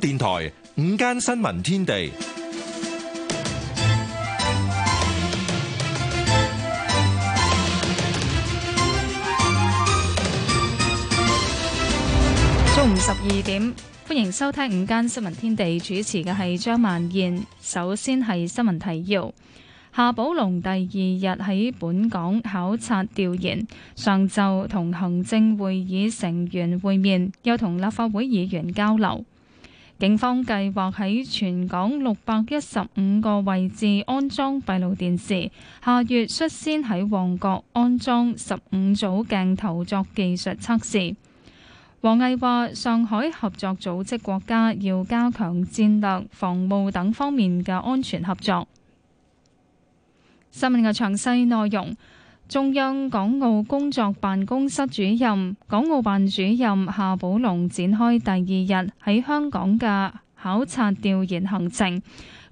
電台午間新聞天地，中午十二點，歡迎收聽午間新聞天地。主持嘅係張曼燕。首先係新聞提要：夏寶龍第二日喺本港考察調研，上晝同行政會議成員會面，又同立法會議員交流。警方計劃喺全港六百一十五個位置安裝閉路電視，下月率先喺旺角安裝十五組鏡頭作技術測試。王毅話，上海合作組織國家要加強戰略、防務等方面嘅安全合作。新聞嘅詳細內容。中央港澳工作辦公室主任、港澳辦主任夏寶龍展開第二日喺香港嘅考察調研行程。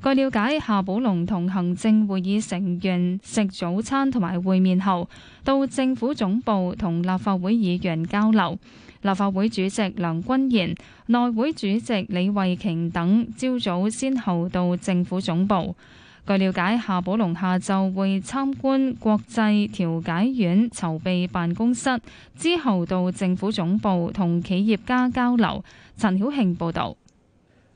據瞭解，夏寶龍同行政會議成員食早餐同埋會面後，到政府總部同立法會議員交流。立法會主席梁君彥、內會主席李慧瓊等，朝早先後到政府總部。據了解，夏寶龍下晝會參觀國際調解院籌備辦公室，之後到政府總部同企業家交流。陳曉慶報道，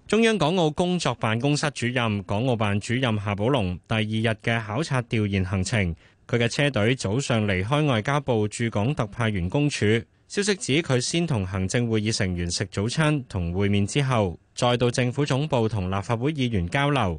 中央港澳工作辦公室主任、港澳辦主任夏寶龍第二日嘅考察調研行程，佢嘅車隊早上離開外交部駐港特派員公署。消息指，佢先同行政會議成員食早餐同會面之後，再到政府總部同立法會議員交流。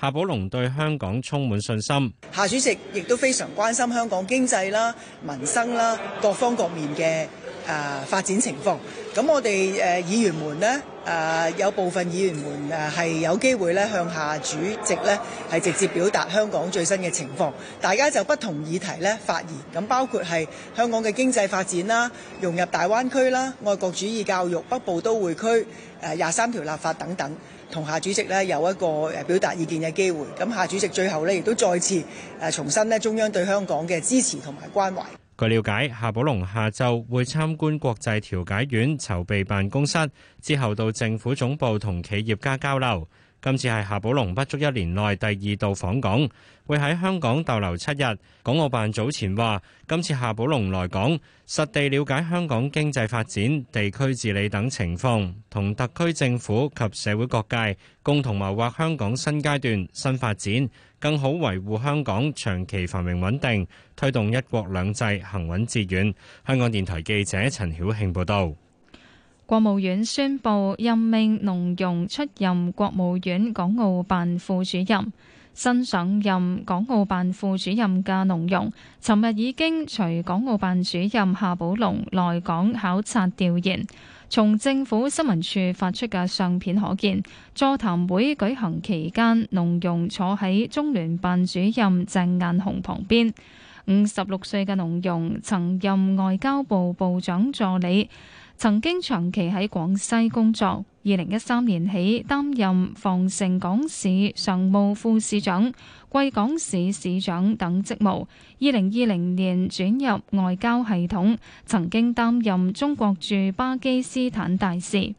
夏寶龍對香港充滿信心。夏主席亦都非常關心香港經濟啦、民生啦、各方各面嘅誒、呃、發展情況。咁我哋誒、呃、議員們呢，誒、呃、有部分議員們誒係有機會咧向夏主席咧係直接表達香港最新嘅情況。大家就不同議題咧發言，咁包括係香港嘅經濟發展啦、融入大灣區啦、愛國主義教育、北部都會區誒廿三條立法等等。同夏主席咧有一個誒表達意見嘅機會，咁夏主席最後咧亦都再次誒重申咧中央對香港嘅支持同埋關懷。據了解，夏寶龍下晝會參觀國際調解院籌備辦公室，之後到政府總部同企業家交流。今次係夏寶龍不足一年內第二度訪港。會喺香港逗留七日。港澳辦早前話，今次夏寶龍來港，實地了解香港經濟發展、地區治理等情況，同特區政府及社會各界共同謀劃香港新階段新發展，更好維護香港長期繁榮穩定，推動一國兩制行穩致遠。香港電台記者陳曉慶報道：國務院宣布任命農融出任國務院港澳辦副主任。新上任港澳辦副主任嘅農融尋日已經隨港澳辦主任夏寶龍來港考察調研。從政府新聞處發出嘅相片可見座談會舉行期間農融坐喺中聯辦主任鄭雁雄旁邊，五十六歲嘅農融曾任外交部部長助理，曾經長期喺廣西工作。二零一三年起擔任防城港市常務副市長、貴港市市長等職務。二零二零年轉入外交系統，曾經擔任中國駐巴基斯坦大使。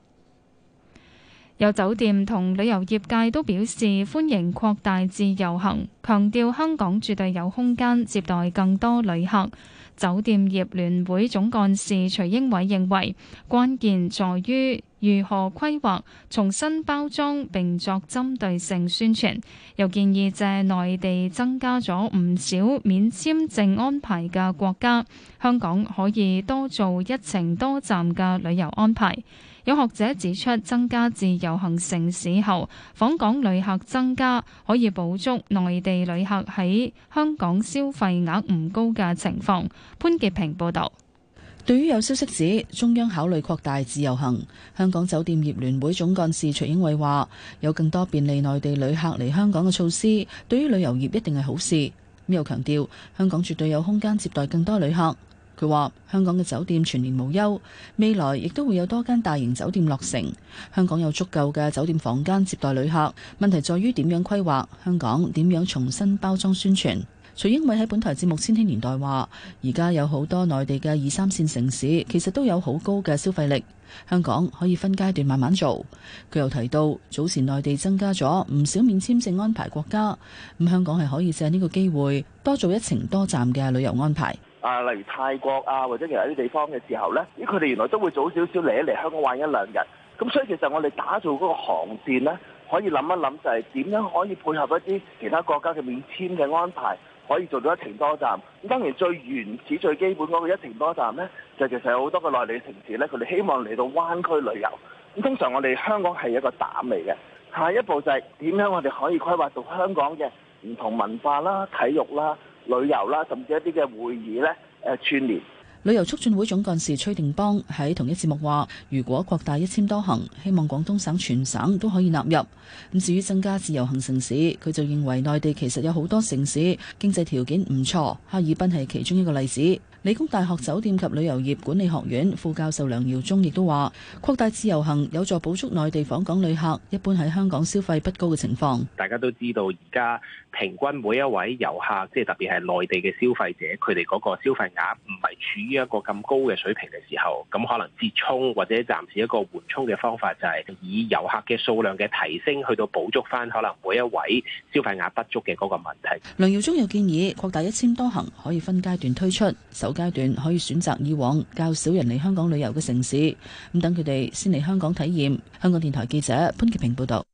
有酒店同旅遊業界都表示歡迎擴大自由行，強調香港絕對有空間接待更多旅客。酒店業聯會總幹事徐英偉認為，關鍵在於。如何規劃、重新包裝並作針對性宣傳，又建議借內地增加咗唔少免簽證安排嘅國家，香港可以多做一程多站嘅旅遊安排。有學者指出，增加自由行城市後，訪港旅客增加，可以補足內地旅客喺香港消費額唔高嘅情況。潘潔平報導。對於有消息指中央考慮擴大自由行，香港酒店業聯會總幹事徐英偉話：有更多便利內地旅客嚟香港嘅措施，對於旅遊業一定係好事。又強調香港絕對有空間接待更多旅客。佢話：香港嘅酒店全年無休，未來亦都會有多間大型酒店落成。香港有足夠嘅酒店房間接待旅客，問題在於點樣規劃香港，點樣重新包裝宣傳。徐英偉喺本台節目《千禧年代》話，而家有好多內地嘅二三線城市，其實都有好高嘅消費力。香港可以分階段慢慢做。佢又提到，早前內地增加咗唔少免簽證安排國家，咁、嗯、香港係可以借呢個機會多做一程多站嘅旅遊安排。啊，例如泰國啊，或者其他啲地方嘅時候咧，咦，佢哋原來都會早少少嚟一嚟香港玩一兩日。咁所以其實我哋打造嗰個航線咧，可以諗一諗就係點樣可以配合一啲其他國家嘅免簽嘅安排。可以做到一程多站，咁當然最原始最基本嗰個一程多站呢，就其實有好多個內地城市呢，佢哋希望嚟到灣區旅遊。咁通常我哋香港係一個膽嚟嘅，下一步就係點樣我哋可以規劃到香港嘅唔同文化啦、體育啦、旅遊啦，甚至一啲嘅會議呢，誒串聯。旅遊促進會總幹事崔定邦喺同一節目話，如果擴大一簽多行，希望廣東省全省都可以納入。咁至於增加自由行城市，佢就認為內地其實有好多城市經濟條件唔錯，哈爾濱係其中一個例子。理工大學酒店及旅遊業管理學院副教授梁耀忠亦都話：擴大自由行有助補足內地訪港旅客，一般喺香港消費不高嘅情況。大家都知道，而家平均每一位遊客，即係特別係內地嘅消費者，佢哋嗰個消費額唔係處於一個咁高嘅水平嘅時候，咁可能接充或者暫時一個緩衝嘅方法就係以遊客嘅數量嘅提升去到補足翻可能每一位消費額不足嘅嗰個問題。梁耀忠又建議擴大一千多行可以分階段推出。階段可以選擇以往較少人嚟香港旅遊嘅城市，咁等佢哋先嚟香港體驗。香港電台記者潘潔平報道，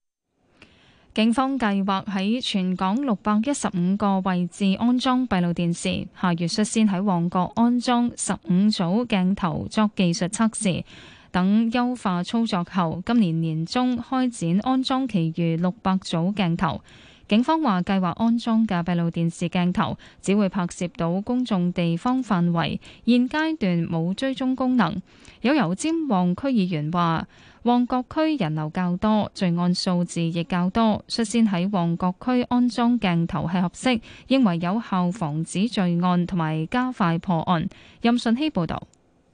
警方計劃喺全港六百一十五個位置安裝閉路電視，下月率先喺旺角安裝十五組鏡頭作技術測試，等優化操作後，今年年中開展安裝其餘六百組鏡頭。警方話，計劃安裝嘅閉路電視鏡頭只會拍攝到公眾地方範圍，現階段冇追蹤功能。有油尖旺區議員話，旺角區人流較多，罪案數字亦較多，率先喺旺角區安裝鏡頭係合適，認為有效防止罪案同埋加快破案。任信希報導。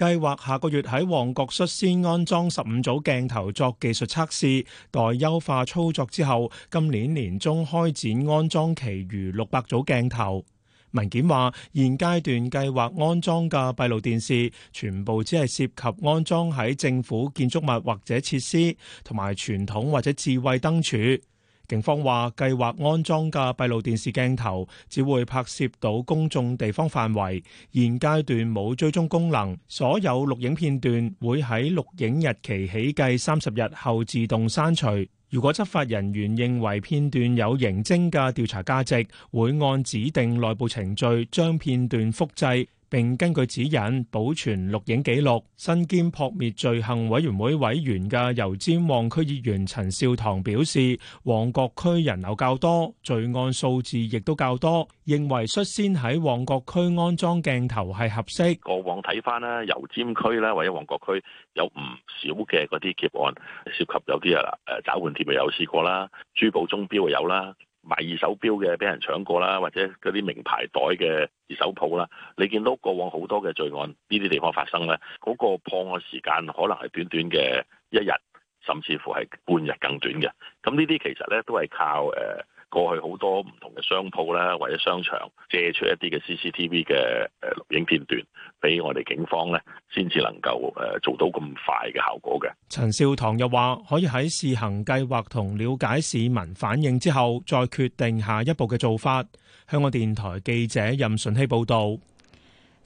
計劃下個月喺旺角率先安裝十五組鏡頭作技術測試，待優化操作之後，今年年中開展安裝其餘六百組鏡頭。文件話，現階段計劃安裝嘅閉路電視，全部只係涉及安裝喺政府建築物或者設施，同埋傳統或者智慧燈柱。警方話，計劃安裝嘅閉路電視鏡頭只會拍攝到公眾地方範圍，現階段冇追蹤功能。所有錄影片段會喺錄影日期起計三十日後自動刪除。如果執法人員認為片段有刑偵嘅調查價值，會按指定內部程序將片段複製。並根據指引保存錄影記錄。身兼撲滅罪行委員會委員嘅油尖旺區議員陳少棠表示，旺角區人流較多，罪案數字亦都較多，認為率先喺旺角區安裝鏡頭係合適。過往睇返啦，油尖區啦或者旺角區有唔少嘅嗰啲劫案涉及有啲啊誒找換貼咪有試過啦，珠寶鐘錶又有啦。賣二手表嘅俾人搶過啦，或者嗰啲名牌袋嘅二手鋪啦，你見到過往好多嘅罪案呢啲地方發生咧，嗰個破案時間可能係短短嘅一日，甚至乎係半日更短嘅。咁呢啲其實咧都係靠誒。呃過去好多唔同嘅商鋪啦，或者商場借出一啲嘅 CCTV 嘅誒錄影片段俾我哋警方咧，先至能夠誒做到咁快嘅效果嘅。陳少棠又話：可以喺試行計劃同了解市民反應之後，再決定下一步嘅做法。香港電台記者任順希報導。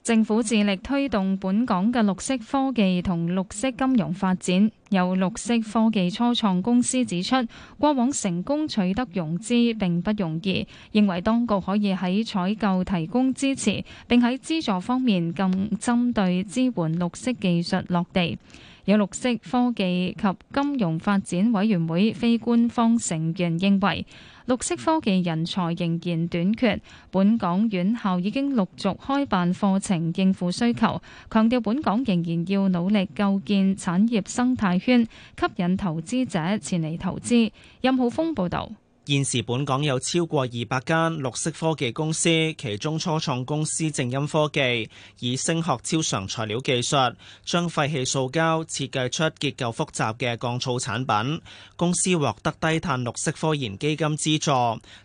政府致力推動本港嘅綠色科技同綠色金融發展。有綠色科技初創公司指出，過往成功取得融資並不容易，認為當局可以喺採購提供支持，並喺資助方面更針對支援綠色技術落地。有綠色科技及金融發展委員會非官方成員認為，綠色科技人才仍然短缺，本港院校已經陸續開辦課程應付需求。強調本港仍然要努力構建產業生態圈，吸引投資者前嚟投資。任浩峰報導。現時本港有超過二百間綠色科技公司，其中初創公司正音科技以聲學超常材料技術，將廢棄塑膠設計出結構複雜嘅降噪產品。公司獲得低碳綠色科研基金資助，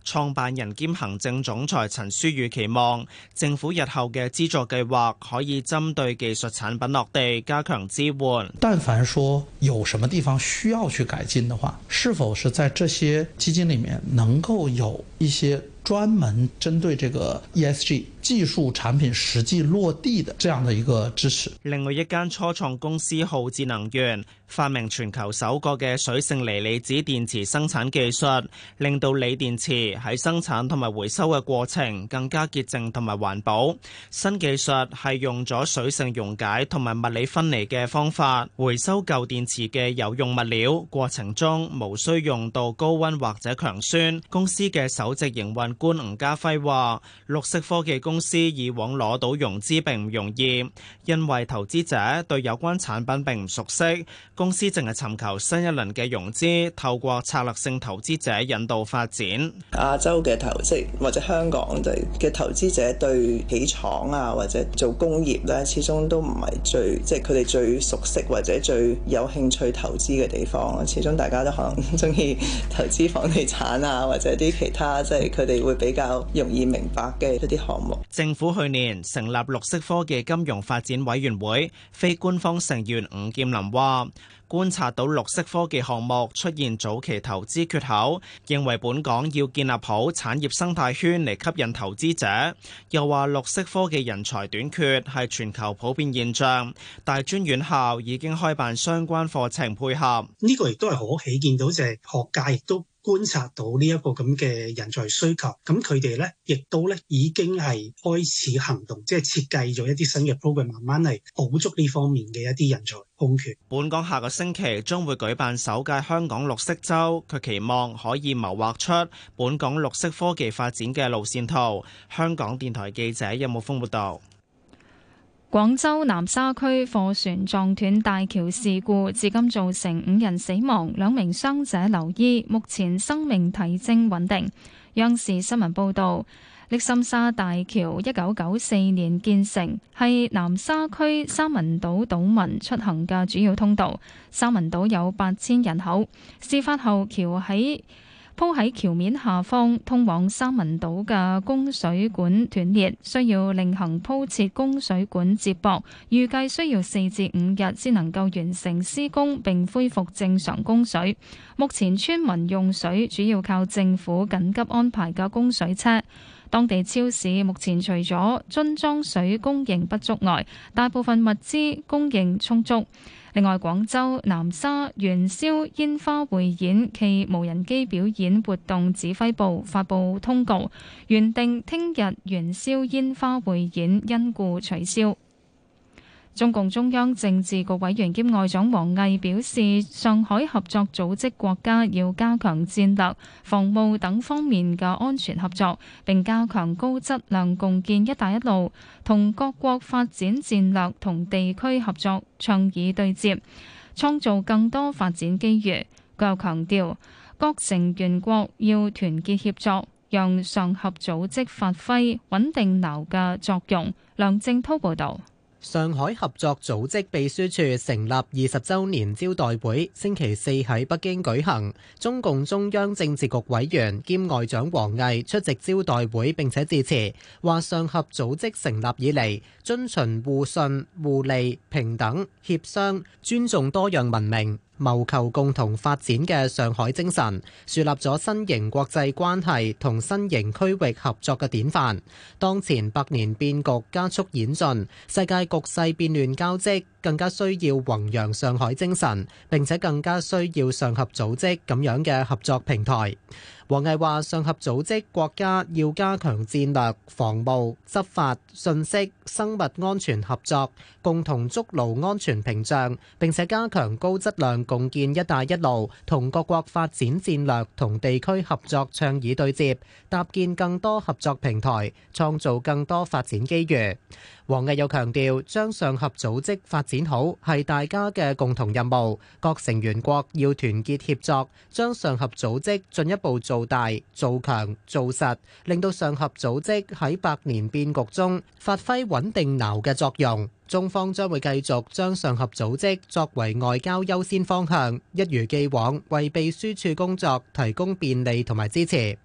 創辦人兼行政總裁陳書宇期望政府日後嘅資助計劃可以針對技術產品落地加強支援。但凡說有什麼地方需要去改進的話，是否是在這些基金裡面？能夠有。一些專門針對這個 ESG 技術產品實際落地的這樣的一個支持。另外一間初創公司浩智能源發明全球首個嘅水性鋰離子電池生產技術，令到鋰電池喺生產同埋回收嘅過程更加潔淨同埋環保。新技術係用咗水性溶解同埋物理分離嘅方法回收舊電池嘅有用物料，過程中無需用到高溫或者強酸。公司嘅首。首席營運官吳家輝話，綠色科技公司以往攞到融資並唔容易，因為投資者對有關產品並唔熟悉。公司淨係尋求新一輪嘅融資，透過策略性投資者引導發展。亞洲嘅投資或者香港嘅投資者對起廠啊，或者做工業咧，始終都唔係最即係佢哋最熟悉或者最有興趣投資嘅地方。始終大家都可能中意投資房地產啊，或者啲其他。即係佢哋會比較容易明白嘅一啲項目。政府去年成立綠色科技金融發展委員會，非官方成員吳劍林話，觀察到綠色科技項目出現早期投資缺口，認為本港要建立好產業生態圈嚟吸引投資者。又話綠色科技人才短缺係全球普遍現象，大專院校已經開辦相關課程配合。呢個亦都係可喜，見到就係學界亦都，觀察到呢一個咁嘅人才需求，咁佢哋咧亦都咧已經係開始行動，即係設計咗一啲新嘅 program，慢慢嚟，補足呢方面嘅一啲人才空缺。本港下個星期將會舉辦首屆香港綠色周，佢期望可以謀劃出本港綠色科技發展嘅路線圖。香港電台記者任木峰報道。廣州南沙區貨船撞斷大橋事故，至今造成五人死亡，兩名傷者留醫，目前生命體徵穩定。央視新聞報道，瀝心沙大橋一九九四年建成，係南沙區三文島島民出行嘅主要通道。三文島有八千人口。事發後，橋喺鋪喺橋面下方通往三文島嘅供水管斷裂，需要另行鋪設供水管接駁，預計需要四至五日先能夠完成施工並恢復正常供水。目前村民用水主要靠政府緊急安排嘅供水車。當地超市目前除咗樽裝水供應不足外，大部分物資供應充足。另外，廣州南沙元宵煙花匯演暨無人機表演活動指揮部發佈通告，原定聽日元宵煙花匯演因故取消。中共中央政治局委員兼外長王毅表示，上海合作組織國家要加強戰略防務等方面嘅安全合作，並加強高質量共建“一帶一路”，同各國發展戰略同地區合作倡議對接，創造更多發展機遇。佢又強調，各成員國要團結協作，讓上合組織發揮穩定流嘅作用。梁正濤報導。上海合作組織秘書處成立二十周年招待會星期四喺北京舉行，中共中央政治局委員兼外長王毅出席招待會並且致辭，話上合組織成立以嚟遵循互信、互利、平等、協商、尊重多樣文明。謀求共同發展嘅上海精神，樹立咗新型國際關係同新型區域合作嘅典範。當前百年變局加速演進，世界局勢變亂交織，更加需要弘揚上海精神，並且更加需要上合組織咁樣嘅合作平台。王毅話：上合組織國家要加強戰略、防務、執法、信息、生物安全合作，共同築牢安全屏障；並且加強高質量共建“一帶一路”，同各國發展戰略同地區合作倡議對接，搭建更多合作平台，創造更多發展機遇。王毅又強調，將上合組織發展好係大家嘅共同任務，各成員國要團結協作，將上合組織進一步做做大、做強、做實，令到上合組織喺百年變局中發揮穩定錨嘅作用。中方將會繼續將上合組織作為外交優先方向，一如既往為秘書處工作提供便利同埋支持。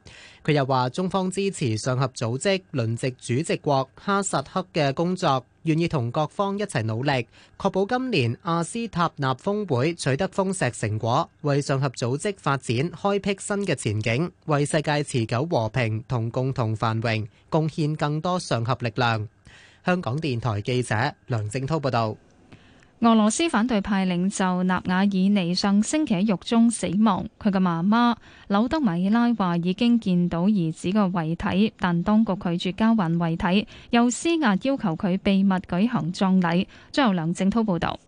佢又話，中方支持上合組織輪值主席國哈薩克嘅工作。願意同各方一齊努力，確保今年阿斯塔納峰會取得豐碩成果，為上合組織發展開闢新嘅前景，為世界持久和平同共同繁榮貢獻更多上合力量。香港電台記者梁正滔報導。俄羅斯反對派領袖納瓦爾尼上星期喺獄中死亡，佢嘅媽媽柳德米拉話已經見到兒子嘅遺體，但當局拒絕交還遺體，又施壓要求佢秘密舉行葬禮。將由梁正濤報道。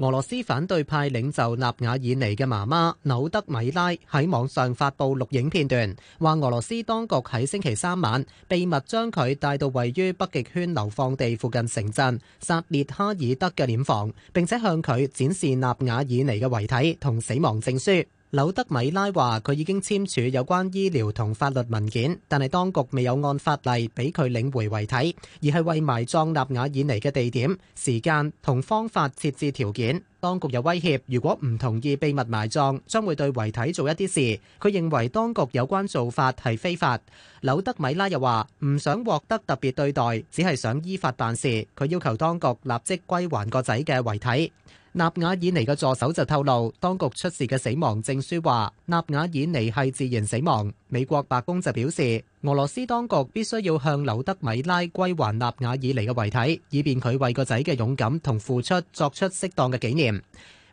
俄羅斯反對派領袖納瓦爾尼嘅媽媽紐德米拉喺網上發布錄影片段，話俄羅斯當局喺星期三晚秘密將佢帶到位於北極圈流放地附近城鎮薩列哈爾德嘅殮房，並且向佢展示納瓦爾尼嘅遺體同死亡證書。柳德米拉話：佢已經簽署有關醫療同法律文件，但係當局未有按法例俾佢領回遺體，而係為埋葬納瓦爾尼嘅地點、時間同方法設置條件。當局有威脅，如果唔同意秘密埋葬，將會對遺體做一啲事。佢認為當局有關做法係非法。柳德米拉又話：唔想獲得特別對待，只係想依法辦事。佢要求當局立即歸還個仔嘅遺體。納瓦爾尼嘅助手就透露，當局出示嘅死亡證書話納瓦爾尼係自然死亡。美國白宮就表示，俄羅斯當局必須要向柳德米拉歸還納瓦爾尼嘅遺體，以便佢為個仔嘅勇敢同付出作出適當嘅紀念。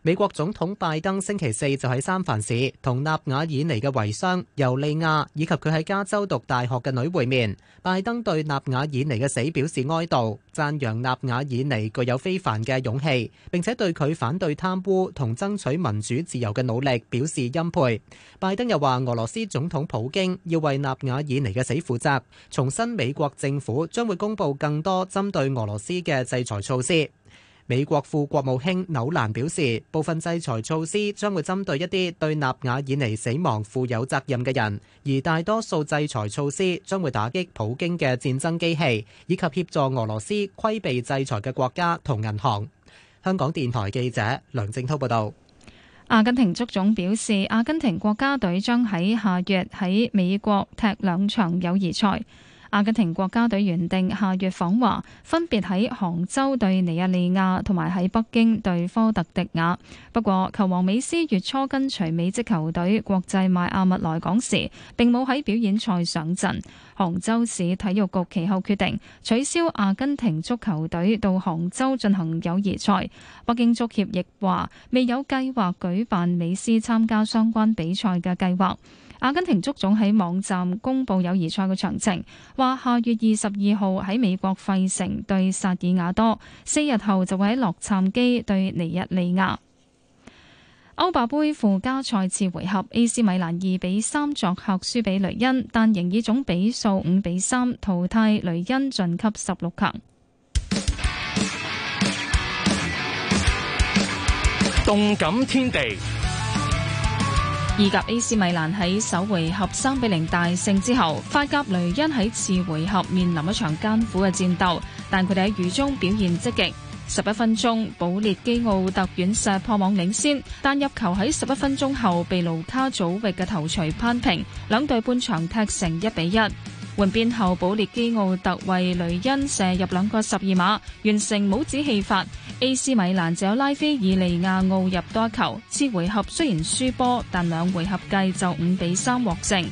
美國總統拜登星期四就喺三藩市同納瓦爾尼嘅遺孀尤莉亞以及佢喺加州讀大學嘅女會面。拜登對納瓦爾尼嘅死表示哀悼，讚揚納瓦爾尼具有非凡嘅勇氣，並且對佢反對貪污同爭取民主自由嘅努力表示欽佩。拜登又話俄羅斯總統普京要為納瓦爾尼嘅死負責，重申美國政府將會公布更多針對俄羅斯嘅制裁措施。美國副國務卿紐蘭表示，部分制裁措施將會針對一啲對納瓦爾尼死亡負有責任嘅人，而大多數制裁措施將會打擊普京嘅戰爭機器，以及協助俄羅斯規避制裁嘅國家同銀行。香港電台記者梁正滔報道，阿根廷足總表示，阿根廷國家隊將喺下月喺美國踢兩場友誼賽。阿根廷國家隊原定下月訪華，分別喺杭州對尼日利亞同埋喺北京對科特迪瓦。不過球王美斯月初跟隨美職球隊國際邁阿密來港時，並冇喺表演賽上陣。杭州市體育局其後決定取消阿根廷足球隊到杭州進行友誼賽，北京足協亦話未有計劃舉辦美斯參加相關比賽嘅計劃。阿根廷足總喺網站公布友誼賽嘅詳情，話下月二十二號喺美國費城對薩爾瓦多，四日後就會喺洛杉磯對尼日利亞。歐霸杯附加賽次回合，AC 米蘭二比三作客輸俾雷恩，但仍以總比數五比三淘汰雷恩，晉級十六強。動感天地。以及 AC 米蘭喺首回合3比0大勝之後，法甲雷恩喺次回合面臨一場艱苦嘅戰鬥，但佢哋喺雨中表現積極。十一分鐘，保列基奧特遠射破網領先，但入球喺十一分鐘後被盧卡祖域嘅頭槌扳平，兩隊半場踢成一比一。換邊後，保列基奧特為雷恩射入兩個十二碼，完成帽子戲法。AC 米蘭就有拉菲爾利亞奧入多球。次回合雖然輸波，但兩回合計就五比三獲勝。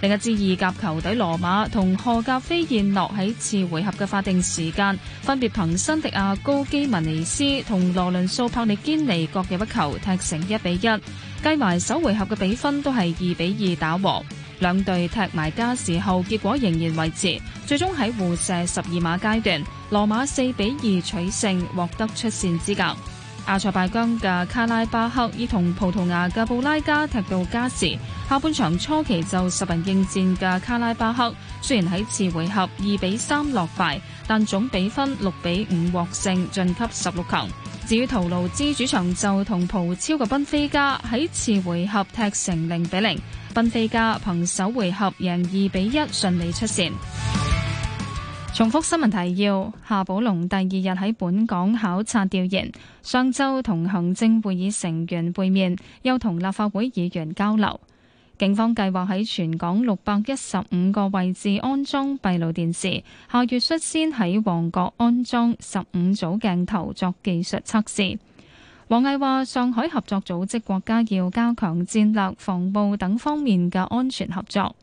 另一支意甲球隊羅馬同荷甲菲燕諾喺次回合嘅法定時間，分別憑辛迪亞高基文尼斯同羅倫素帕利堅尼各入一球，踢成一比一。計埋首回合嘅比分都係二比二打和。兩隊踢埋加時後，結果仍然維持，最終喺互射十二碼階段，羅馬四比二取勝，獲得出線資格。阿塞拜疆嘅卡拉巴克以同葡萄牙嘅布拉加踢到加時，下半場初期就十人應戰嘅卡拉巴克雖然喺次回合二比三落敗，但總比分六比五獲勝，晉級十六強。至於圖盧茲主場就同葡超嘅賓菲加喺次回合踢成零比零。賓菲加憑首回合贏二比一順利出線。重複新聞提要：夏寶龍第二日喺本港考察調研，上周同行政會議成員會面，又同立法會議員交流。警方計劃喺全港六百一十五個位置安裝閉路電視，下月率先喺旺角安裝十五組鏡頭作技術測試。王毅話：上海合作組織國家要加強戰略、防暴等方面嘅安全合作。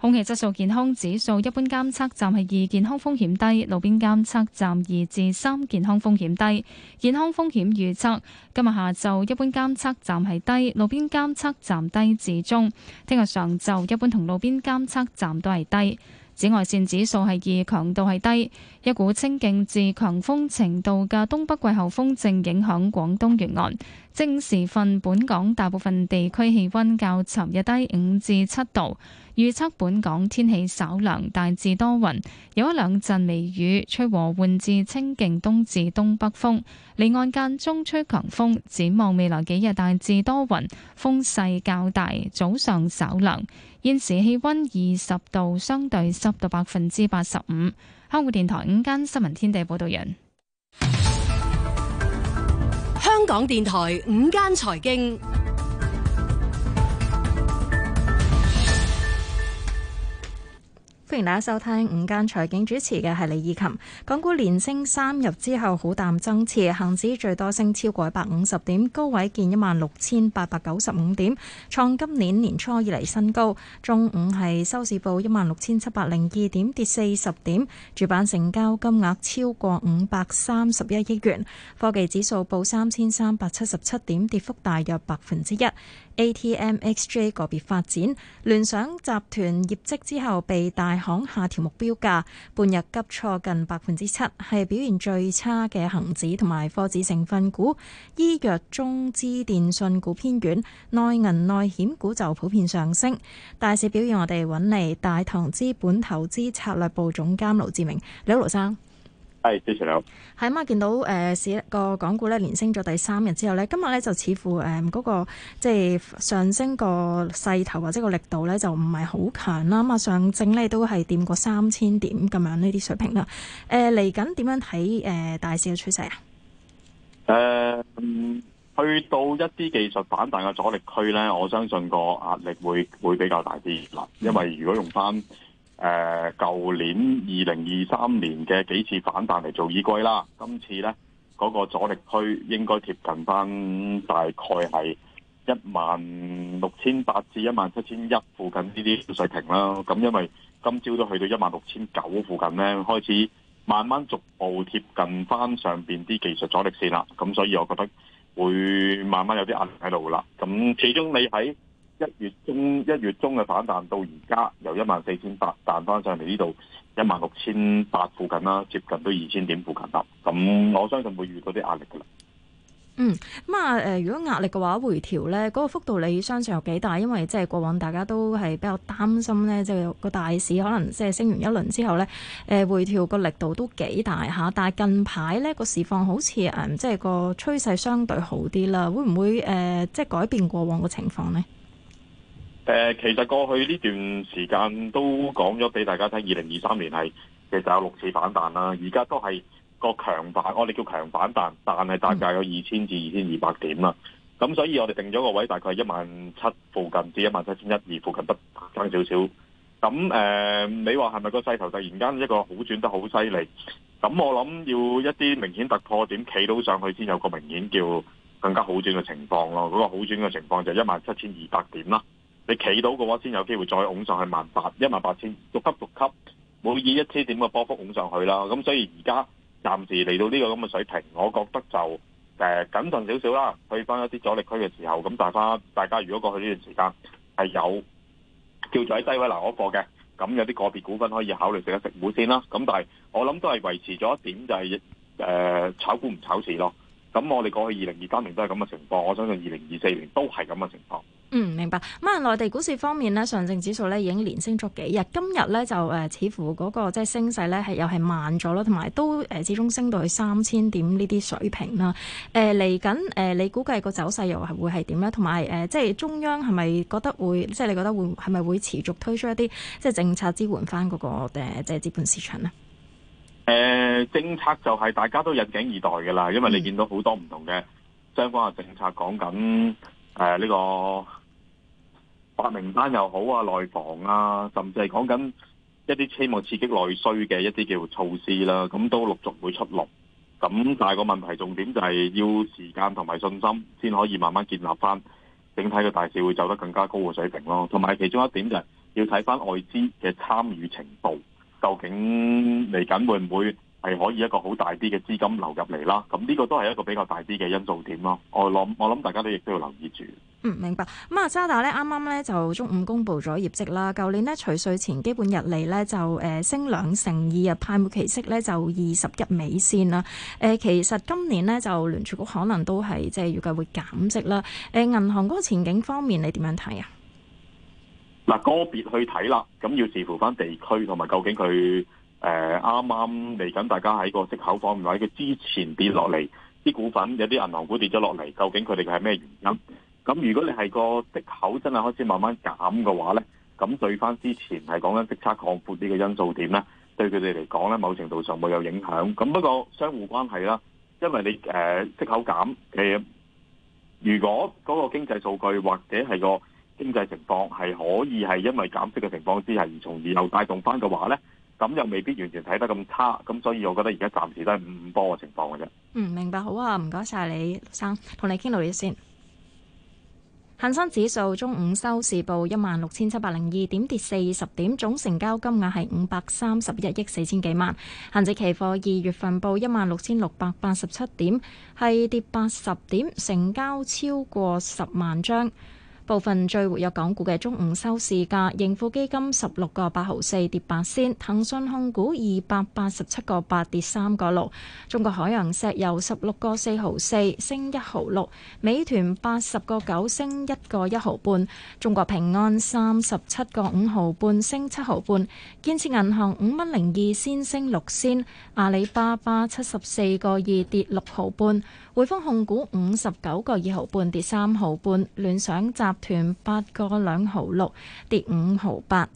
空氣質素健康指數一般監測站係二，健康風險低；路邊監測站二至三，健康風險低。健康風險預測今日下晝一般監測站係低，路邊監測站低至中。聽日上晝一般同路邊監測站都係低。紫外線指數係二，強度係低。一股清勁至強風程度嘅東北季候風正影響廣東沿岸。正時分，本港大部分地區氣溫較尋日低五至七度。預測本港天氣稍涼，大致多雲，有一兩陣微雨，吹和緩至清勁東至東北風，離岸間中吹強風。展望未來幾日大致多雲，風勢較大，早上稍涼。現時氣溫二十度，相對濕度百分之八十五。香港電台午間新聞天地報道人。香港電台午間財經。歡迎大家收聽午間財經，主持嘅係李以琴。港股連升三日之後，好淡爭持，恒指最多升超過一百五十點，高位見一萬六千八百九十五點，創今年年初以嚟新高。中午係收市報一萬六千七百零二點，跌四十點。主板成交金額超過五百三十一億元。科技指數報三千三百七十七點，跌幅大約百分之一。ATMXJ 個別發展，聯想集團業績之後被大行下調目標價，半日急挫近百分之七，係表現最差嘅恒指同埋科指成分股。醫藥、中資、電訊股偏軟，內銀內險股就普遍上升。大市表現，我哋揾嚟大唐資本投資策略部總監盧志明，你好，盧生。係主持人好，係啊嘛，見到誒、呃、市個港股咧連升咗第三日之後咧，今日咧就似乎誒嗰、呃，那個即係上升個勢頭或者個力度咧就唔係好強啦嘛。上證咧都係掂過三千點咁樣呢啲水平啦。誒、呃，嚟緊點樣睇誒、呃、大市嘅趨勢啊？誒、嗯，去到一啲技術反彈嘅阻力區咧，我相信個壓力會會比較大啲啦。因為如果用翻。誒，舊、呃、年二零二三年嘅幾次反彈嚟做依歸啦，今次呢嗰、那個阻力區應該貼近翻，大概係一萬六千八至一萬七千一附近呢啲水平啦。咁、嗯、因為今朝都去到一萬六千九附近呢，開始慢慢逐步貼近翻上邊啲技術阻力線啦。咁、嗯、所以，我覺得會慢慢有啲壓力喺度啦。咁始終你喺月一月中一月中嘅反彈到而家由一萬四千八彈翻上嚟呢度一萬六千八附近啦，接近都二千點附近啦。咁我相信會遇到啲壓力噶啦、嗯。嗯，咁啊，誒，如果壓力嘅話，回調咧嗰個幅度，你相信有幾大？因為即係過往大家都係比較擔心咧，即係個大市可能即係升完一輪之後咧，誒回調個力度都幾大吓。但係近排咧個市況好似誒即係個趨勢相對好啲啦。會唔會誒即係改變過往嘅情況咧？誒，其實過去呢段時間都講咗俾大家聽，二零二三年係其實有六次反彈啦。而家都係個強反，我哋叫強反彈，但係大概有二千至二千二百點啦。咁所以我哋定咗個位，大概一萬七附近至一萬七千一二附近得爭少少。咁誒，你話係咪個勢頭突然間一個好轉得好犀利？咁我諗要一啲明顯突破點企到上去，先有個明顯叫更加好轉嘅情況咯。嗰個好轉嘅情況就一萬七千二百點啦。你企到嘅話，先有機會再拱上去萬八一萬八千，逐級逐級，每以一千點嘅波幅拱上去啦。咁所以而家暫時嚟到呢個咁嘅水平，我覺得就誒謹慎少少啦，去翻一啲阻力區嘅時候，咁大家大家如果過去呢段時間係有叫做喺低位留嗰個嘅，咁有啲個別股份可以考慮食一食股先啦。咁但係我諗都係維持咗一點、就係，就係誒炒股唔炒市咯。咁我哋過去二零二三年都係咁嘅情況，我相信二零二四年都係咁嘅情況。嗯，明白。咁啊，內地股市方面咧，上證指數咧已經連升咗幾日，今日咧就誒、呃、似乎嗰、那個即係升勢咧係又係慢咗咯，同埋都誒、呃、始終升到去三千點呢啲水平啦。誒嚟緊誒，你估計個走勢又係會係點咧？同埋誒，即係中央係咪覺得會？即係你覺得會係咪會持續推出一啲即係政策支援翻嗰、那個、呃、即係資本市場呢？誒、呃、政策就係大家都引頸以待嘅啦，因為你見到好多唔同嘅相關嘅政策講緊誒呢個。這個白名單又好啊，內房啊，甚至係講緊一啲希望刺激內需嘅一啲叫措施啦，咁都陸續會出爐。咁但係個問題重點就係要時間同埋信心先可以慢慢建立翻整體嘅大市會走得更加高嘅水平咯。同埋其中一點就係要睇翻外資嘅參與程度，究竟嚟緊會唔會？係可以一個好大啲嘅資金流入嚟啦，咁呢個都係一個比較大啲嘅因素點咯。我諗我諗，大家都亦都要留意住。嗯，明白咁啊。渣打咧啱啱咧就中午公布咗業績啦。舊年咧除稅前基本日嚟咧就誒、呃、升兩成二啊，派末期息咧就二十一美仙啦。誒、呃，其實今年咧就聯儲局可能都係即係預計會減息啦。誒、呃，銀行嗰個前景方面你，你點樣睇啊？嗱，個別去睇啦，咁要視乎翻地區同埋究竟佢。誒啱啱嚟緊，呃、剛剛大家喺個息口方面，或者佢之前跌落嚟啲股份，有啲銀行股跌咗落嚟，究竟佢哋係咩原因？咁如果你係個息口真係開始慢慢減嘅話呢，咁對翻之前係講緊息差擴闊啲嘅因素點呢？對佢哋嚟講呢，某程度上會有影響。咁不過相互關係啦，因為你誒、呃、息口減誒、呃，如果嗰個經濟數據或者係個經濟情況係可以係因為減息嘅情況之下，而從而後帶動翻嘅話呢。咁又未必完全睇得咁差，咁所以我覺得而家暫時都係五五波嘅情況嘅啫。嗯，明白好啊，唔該晒你，陸生同你傾到嘢先。恒生指數中午收市報一萬六千七百零二點，跌四十點，總成交金額係五百三十一億四千幾萬。恆指期貨二月份報一萬六千六百八十七點，係跌八十點，成交超過十萬張。部分最活躍港股嘅中午收市價，盈富基金十六個八毫四跌八仙，騰訊控股二百八十七個八跌三個六，中國海洋石油十六個四毫四升一毫六，美團八十個九升一個一毫半，中國平安三十七個五毫半升七毫半，建設銀行五蚊零二先升六仙，阿里巴巴七十四個二跌六毫半。匯豐控股五十九個二毫半跌三毫半，聯想集團八個兩毫六跌五毫八。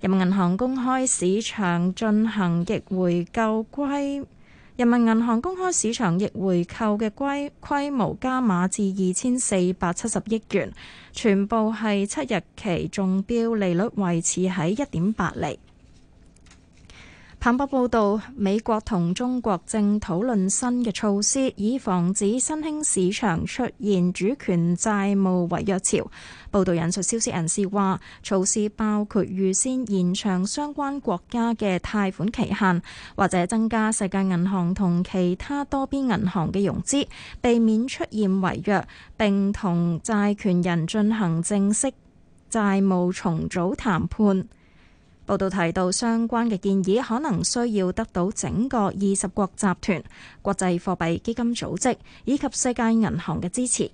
人民銀行公開市場進行逆回購規，人民銀行公開市場逆回購嘅規規模加碼至二千四百七十億元，全部係七日期中標利率維持喺一點八厘。《彭博》報道，美國同中國正討論新嘅措施，以防止新興市場出現主權債務違約潮。報道引述消息人士話，措施包括預先延長相關國家嘅貸款期限，或者增加世界銀行同其他多邊銀行嘅融資，避免出現違約，並同債權人進行正式債務重組談判。報道提到，相關嘅建議可能需要得到整個二十國集團、國際貨幣基金組織以及世界銀行嘅支持。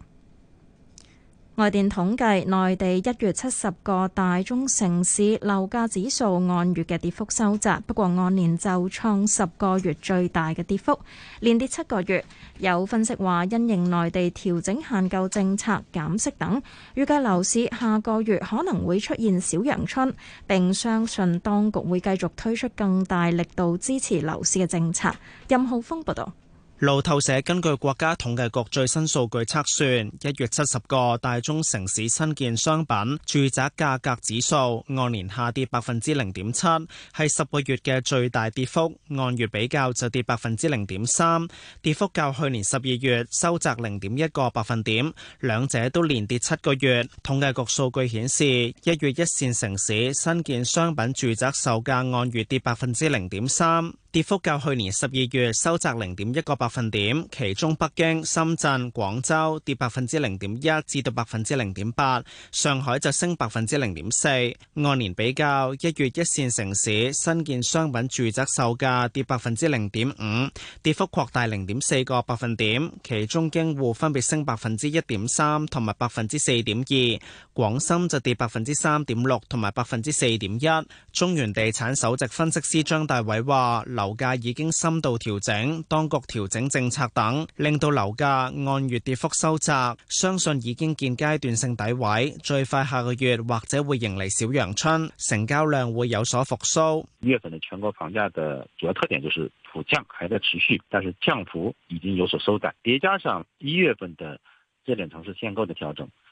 外電統計，內地一月七十個大中城市樓價指數按月嘅跌幅收窄，不過按年就創十個月最大嘅跌幅，連跌七個月。有分析話，因應內地調整限購政策、減息等，預計樓市下個月可能會出現小陽春，並相信當局會繼續推出更大力度支持樓市嘅政策。任浩峰報道。路透社根據國家統計局最新數據測算，一月七十個大中城市新建商品住宅價格指數按年下跌百分之零點七，係十個月嘅最大跌幅；按月比較就跌百分之零點三，跌幅較去年十二月收窄零點一個百分點。兩者都連跌七個月。統計局數據顯示，一月一線城市新建商品住宅售價按月跌百分之零點三。跌幅較去年十二月收窄零點一個百分點，其中北京、深圳、廣州跌百分之零點一至到百分之零點八，上海就升百分之零點四。按年比較，一月一線城市新建商品住宅售價跌百分之零點五，跌幅擴大零點四個百分點，其中京滬分別升百分之一點三同埋百分之四點二，廣深就跌百分之三點六同埋百分之四點一。中原地產首席分析師張大偉話。樓價已經深度調整，當局調整政策等，令到樓價按月跌幅收窄，相信已經見階段性底位，最快下個月或者會迎嚟小陽春，成交量會有所復甦。一月份的全國房價的主要特點就是普降還在持續，但是降幅已經有所收窄，疊加上一月份的熱點城市限購的調整。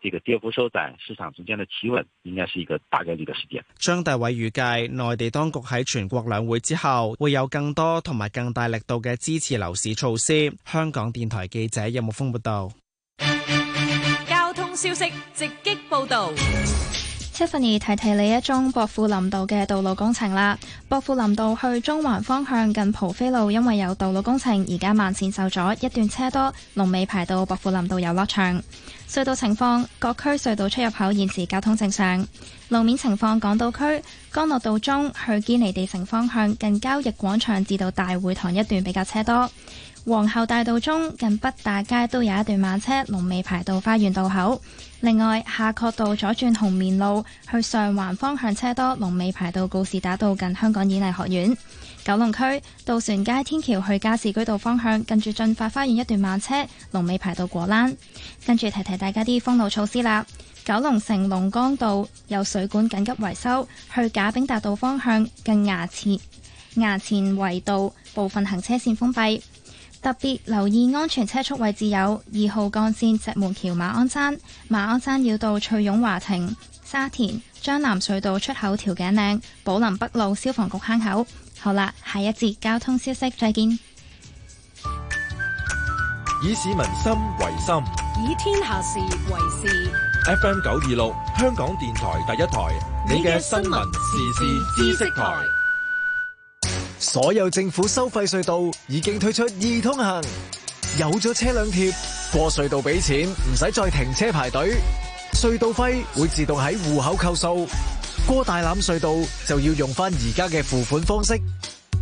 這個跌幅收窄，市場逐漸的企穩，應該是一個大概率嘅事件。張大偉預計，內地當局喺全國兩會之後會有更多同埋更大力度嘅支持樓市措施。香港電台記者任木峰報道。交通消息直擊報道。Stephanie 提提你一宗薄扶林道嘅道路工程啦。薄扶林道去中環方向近蒲飛路，因為有道路工程，而家慢綫受阻，一段車多，龍尾排到薄扶林道遊樂場。隧道情況，各區隧道出入口現時交通正常。路面情況，港島區干諾道中去堅尼地城方向近交易廣場至到大會堂一段比較車多，皇后大道中近畢打街都有一段慢車，龍尾排到花園道口。另外，夏慤道左轉紅棉路去上環方向車多，龍尾排到告士打道近香港演藝學院。九龍區渡船街天橋去加士居道方向，近住駿發花園一段慢車，龍尾排到果欄。跟住，提提大家啲封路措施啦。九龍城龍崗道有水管緊急維修，去賈炳達道方向近衙，衙前衙前圍道部分行車線封閉。特別留意安全車速位置有二號幹線石門橋馬鞍山、馬鞍山繞道翠擁華庭、沙田張南隧道出口調嶺、調景嶺寶林北路消防局坑口。好啦，下一節交通消息，再見。以市民心為心，以天下事為事。FM 九二六，香港電台第一台，你嘅新聞時事知識台。所有政府收費隧道已經推出易通行，有咗車輛貼過隧道錢，俾錢唔使再停車排隊，隧道費會自動喺戶口扣數。過大欖隧道就要用翻而家嘅付款方式，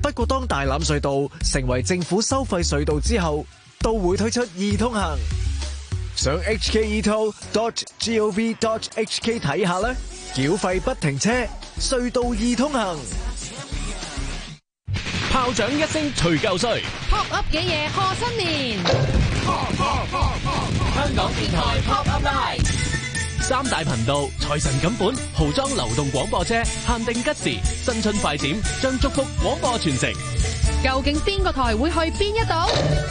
不過當大欖隧道成為政府收費隧道之後，都會推出易通行。上 hketo.gov.hk 睇下啦，繳費不停車，隧道易通行。炮仗一聲除舊歲，pop up 嘅嘢賀新年，香港電台 pop up live。三大頻道，財神錦本、豪裝流動廣播車，限定吉時新春快閃，將祝福廣播全城。究竟邊個台會去邊一度？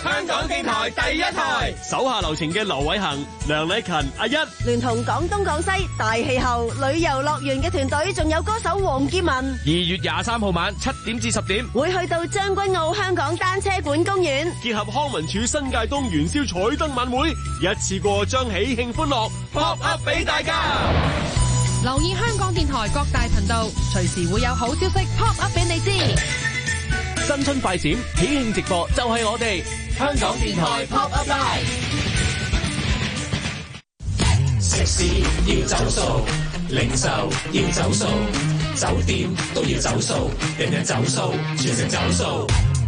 香港電台第一台，手下留情嘅劉偉恒、梁禮勤、阿一，聯同廣東、廣西大氣候、旅遊樂園嘅團隊，仲有歌手黃劍文。二月廿三號晚七點至十點，會去到將軍澳香港單車館公園，結合康文署新界東元宵彩燈晚會，一次過將喜慶歡樂 pop up 俾大家。留意香港電台各大頻道，隨時會有好消息 pop up 俾你知。新春快閃，喜慶直播就係、是、我哋香港電台 Pop Up Live。食肆要走數，零售要走數，酒店都要走數，人人走數，全城走數。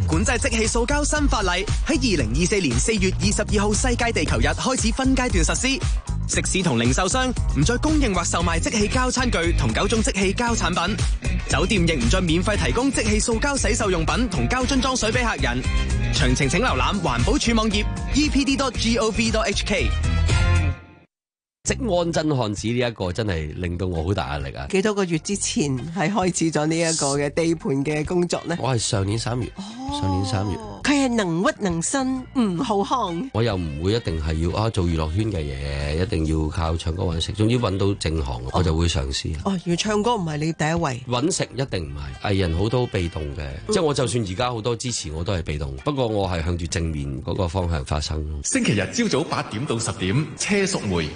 管制即棄塑膠新法例喺二零二四年四月二十二號世界地球日開始分階段實施。食肆同零售商唔再供應或售賣即棄膠餐具同九種即棄膠產品，酒店亦唔再免費提供即棄塑膠洗手用品同膠樽裝水俾客人。詳情請瀏覽環保署網頁：epd.gov.hk。E 職安真漢子呢一個、這個真係令到我好大壓力啊！幾多個月之前係開始咗呢一個嘅地盤嘅工作呢？我係上年三月，上年三月佢係、哦、能屈能伸，唔好抗。我又唔會一定係要、要啊做娛樂圈嘅嘢，一定要靠唱歌揾食。總之揾到正行，我、哦、就會嘗試。哦，而唱歌唔係你第一位揾食一定唔係藝人好多被動嘅，即係我就算而家好多支持我都係被動。不過我係向住正面嗰個方向發生、嗯星。星期日朝早八點到十點，車淑梅。